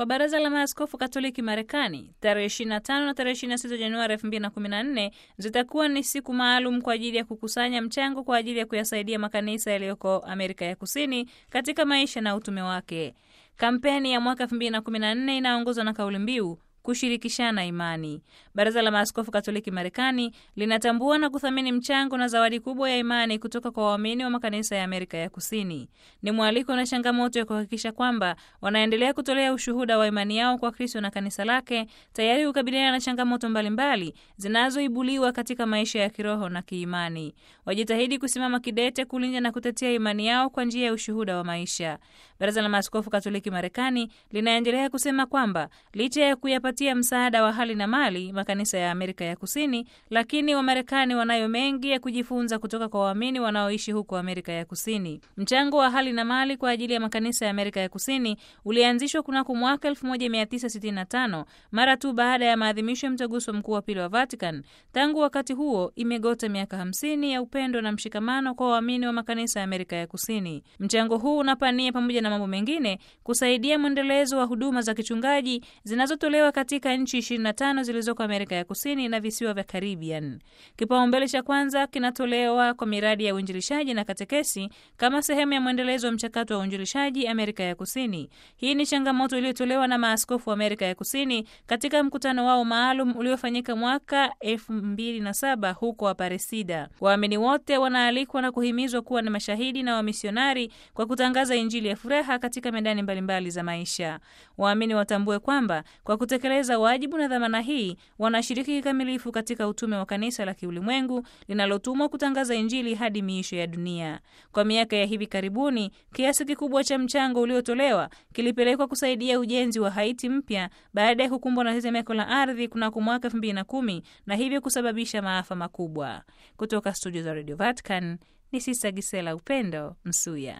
Kwa Baraza la Maaskofu Katoliki Marekani, tarehe 25 na tarehe 26 Januari 2014 zitakuwa ni siku maalum kwa ajili ya kukusanya mchango kwa ajili ya kuyasaidia makanisa yaliyoko Amerika ya Kusini katika maisha na utume wake. Kampeni ya mwaka 2014 inaongozwa na kauli mbiu kushirikishana imani. Baraza la Maaskofu Katoliki Marekani linatambua na kuthamini mchango na zawadi kubwa ya imani kutoka kwa waamini wa makanisa ya Amerika ya Kusini. Ni mwaliko na changamoto ya kuhakikisha kwamba wanaendelea kutolea ushuhuda wa imani yao kwa Kristo na kanisa lake, tayari kukabiliana na changamoto mbalimbali zinazoibuliwa katika maisha ya kiroho na kiimani. Wajitahidi kusimama kidete kulinda na kutetea imani yao kwa njia ya ushuhuda wa maisha. Baraza la Maaskofu Katoliki Marekani linaendelea kusema kwamba licha ya kuyapa kuwapatia msaada wa hali na mali makanisa ya Amerika ya Kusini, lakini Wamarekani wanayo mengi ya kujifunza kutoka kwa waamini wanaoishi huko Amerika ya Kusini. Mchango wa hali na mali kwa ajili ya makanisa ya Amerika ya Kusini ulianzishwa kunako mwaka 1965 mara tu baada ya maadhimisho ya mtaguso mkuu wa pili wa Vatican. Tangu wakati huo imegota miaka hamsini ya upendo na mshikamano kwa waamini wa makanisa ya Amerika ya Kusini. Mchango huu unapania pamoja na mambo mengine kusaidia mwendelezo wa huduma za kichungaji zinazotolewa katika nchi 25 zilizoko Amerika ya Kusini na visiwa vya Caribbean. Kipaumbele cha kwanza kinatolewa kwa miradi ya uinjilishaji na katekesi kama sehemu ya mwendelezo wa mchakato wa uinjilishaji Amerika ya Kusini. Hii ni changamoto iliyotolewa na maaskofu wa Amerika ya Kusini katika mkutano wao maalum uliofanyika mwaka 2007 huko Aparecida. Waamini wote wanaalikwa na kuhimizwa kuwa na mashahidi na wamisionari kwa kutangaza Injili ya furaha katika medani mbalimbali za maisha. Waamini watambue kwamba kwa kutekeleza kutekeleza wajibu na dhamana hii wanashiriki kikamilifu katika utume wa kanisa la kiulimwengu linalotumwa kutangaza Injili hadi miisho ya dunia. Kwa miaka ya hivi karibuni, kiasi kikubwa cha mchango uliotolewa kilipelekwa kusaidia ujenzi wa Haiti mpya baada ya kukumbwa na tetemeko la ardhi kunako mwaka 2010 na hivyo kusababisha maafa makubwa. Kutoka studio za Radio Vatican ni Sista Gisela Upendo Msuya.